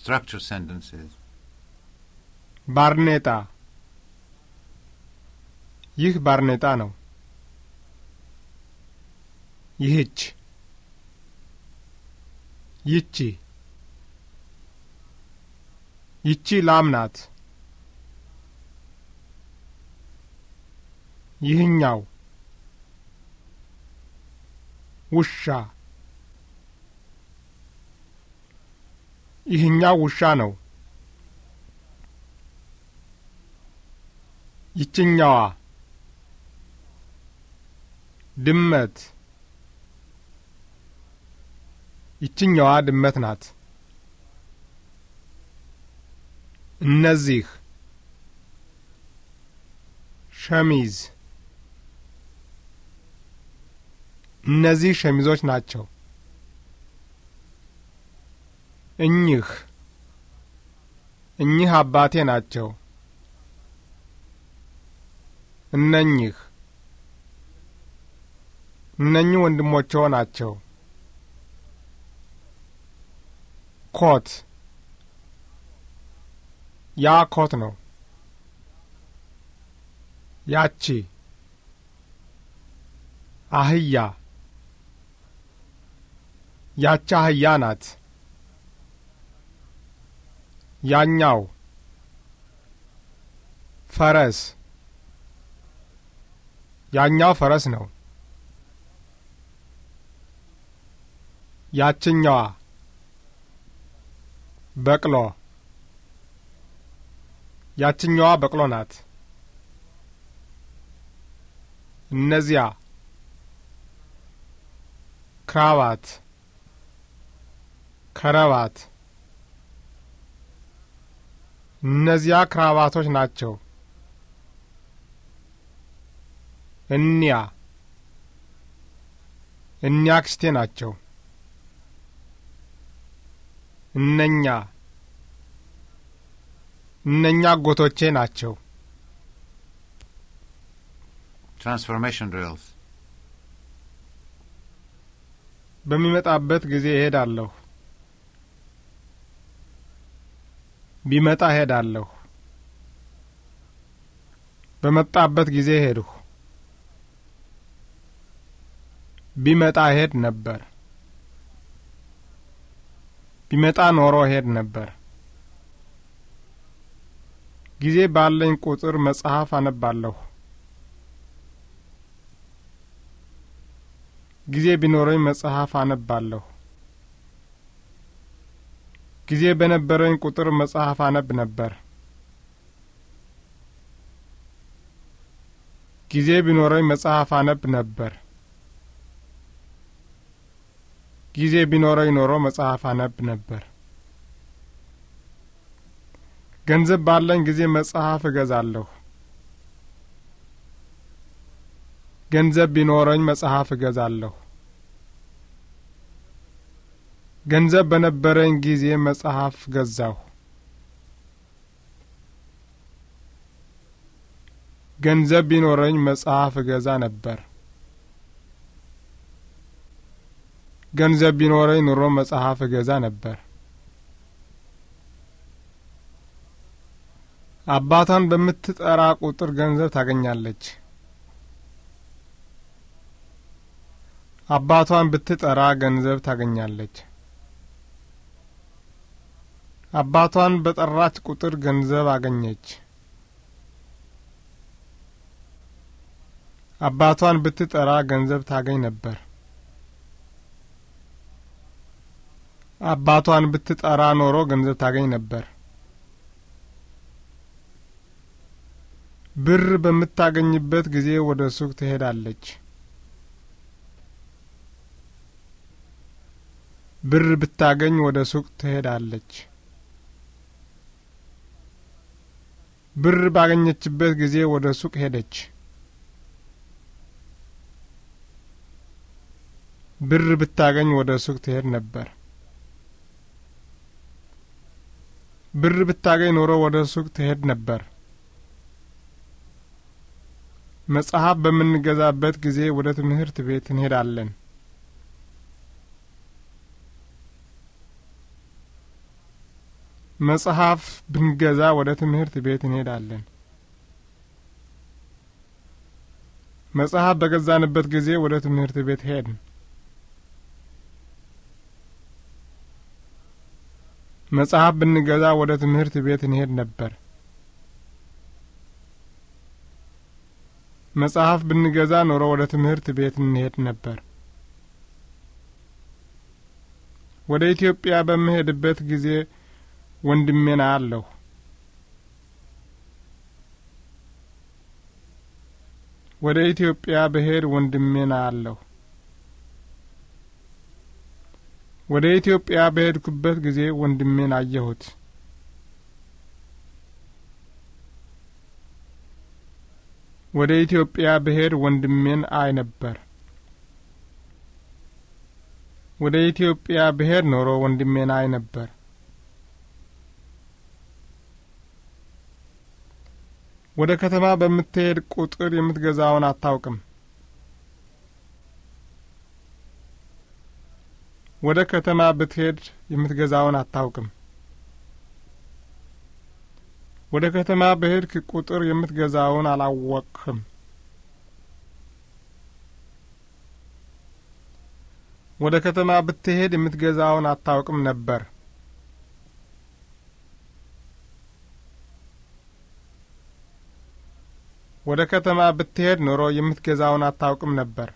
Structure sentences. ባርኔጣ ይህ ባርኔጣ ነው። ይህች ይቺ ይቺ ላም ናት። ይህኛው ውሻ ይህኛው ውሻ ነው። ይችኛዋ ድመት ይችኛዋ ድመት ናት። እነዚህ ሸሚዝ እነዚህ ሸሚዞች ናቸው። እኚህ እኚህ አባቴ ናቸው። እነኚህ እነኚህ ወንድሞችዎ ናቸው። ኮት ያ ኮት ነው። ያቺ አህያ ያቺ አህያ ናት። ያኛው ፈረስ ያኛው ፈረስ ነው። ያችኛዋ በቅሎ ያችኛዋ በቅሎ ናት። እነዚያ ክራባት ከረባት እነዚያ ክራባቶች ናቸው። እኒያ እኒያ ክስቴ ናቸው። እነኛ እነኛ አጎቶቼ ናቸው። ትራንስፎርሜሽን ድሪልስ በሚመጣበት ጊዜ እሄዳለሁ። ቢመጣ ሄዳለሁ። በመጣበት ጊዜ ሄድሁ። ቢመጣ ሄድ ነበር። ቢመጣ ኖሮ ሄድ ነበር። ጊዜ ባለኝ ቁጥር መጽሐፍ አነባለሁ። ጊዜ ቢኖረኝ መጽሐፍ አነባለሁ። ጊዜ በነበረኝ ቁጥር መጽሐፍ አነብ ነበር። ጊዜ ቢኖረኝ መጽሐፍ አነብ ነበር። ጊዜ ቢኖረኝ ኖሮ መጽሐፍ አነብ ነበር። ገንዘብ ባለኝ ጊዜ መጽሐፍ እገዛለሁ። ገንዘብ ቢኖረኝ መጽሐፍ እገዛለሁ። ገንዘብ በነበረኝ ጊዜ መጽሐፍ ገዛሁ። ገንዘብ ቢኖረኝ መጽሐፍ እገዛ ነበር። ገንዘብ ቢኖረኝ ኑሮ መጽሐፍ እገዛ ነበር። አባቷን በምትጠራ ቁጥር ገንዘብ ታገኛለች። አባቷን ብትጠራ ገንዘብ ታገኛለች። አባቷን በጠራች ቁጥር ገንዘብ አገኘች። አባቷን ብትጠራ ገንዘብ ታገኝ ነበር። አባቷን ብትጠራ ኖሮ ገንዘብ ታገኝ ነበር። ብር በምታገኝበት ጊዜ ወደ ሱቅ ትሄዳለች። ብር ብታገኝ ወደ ሱቅ ትሄዳለች። ብር ባገኘችበት ጊዜ ወደ ሱቅ ሄደች። ብር ብታገኝ ወደ ሱቅ ትሄድ ነበር። ብር ብታገኝ ኖሮ ወደ ሱቅ ትሄድ ነበር። መጽሐፍ በምንገዛበት ጊዜ ወደ ትምህርት ቤት እንሄዳለን። መጽሐፍ ብንገዛ ወደ ትምህርት ቤት እንሄዳለን። መጽሐፍ በገዛንበት ጊዜ ወደ ትምህርት ቤት ሄድን። መጽሐፍ ብንገዛ ወደ ትምህርት ቤት እንሄድ ነበር። መጽሐፍ ብንገዛ ኖሮ ወደ ትምህርት ቤት እንሄድ ነበር። ወደ ኢትዮጵያ በምሄድበት ጊዜ ወንድሜን አያለሁ። ወደ ኢትዮጵያ ብሄድ ወንድሜን አያለሁ። ወደ ኢትዮጵያ በሄድኩበት ጊዜ ወንድሜን አየሁት። ወደ ኢትዮጵያ ብሄድ ወንድሜን አይ ነበር። ወደ ኢትዮጵያ ብሄድ ኖሮ ወንድሜን አይ ነበር። ወደ ከተማ በምትሄድ ቁጥር የምትገዛውን አታውቅም። ወደ ከተማ ብትሄድ የምትገዛውን አታውቅም። ወደ ከተማ በሄድክ ቁጥር የምትገዛውን አላወቅህም። ወደ ከተማ ብትሄድ የምትገዛውን አታውቅም ነበር። ወደ ከተማ ብትሄድ ኖሮ የምትገዛውን አታውቅም ነበር።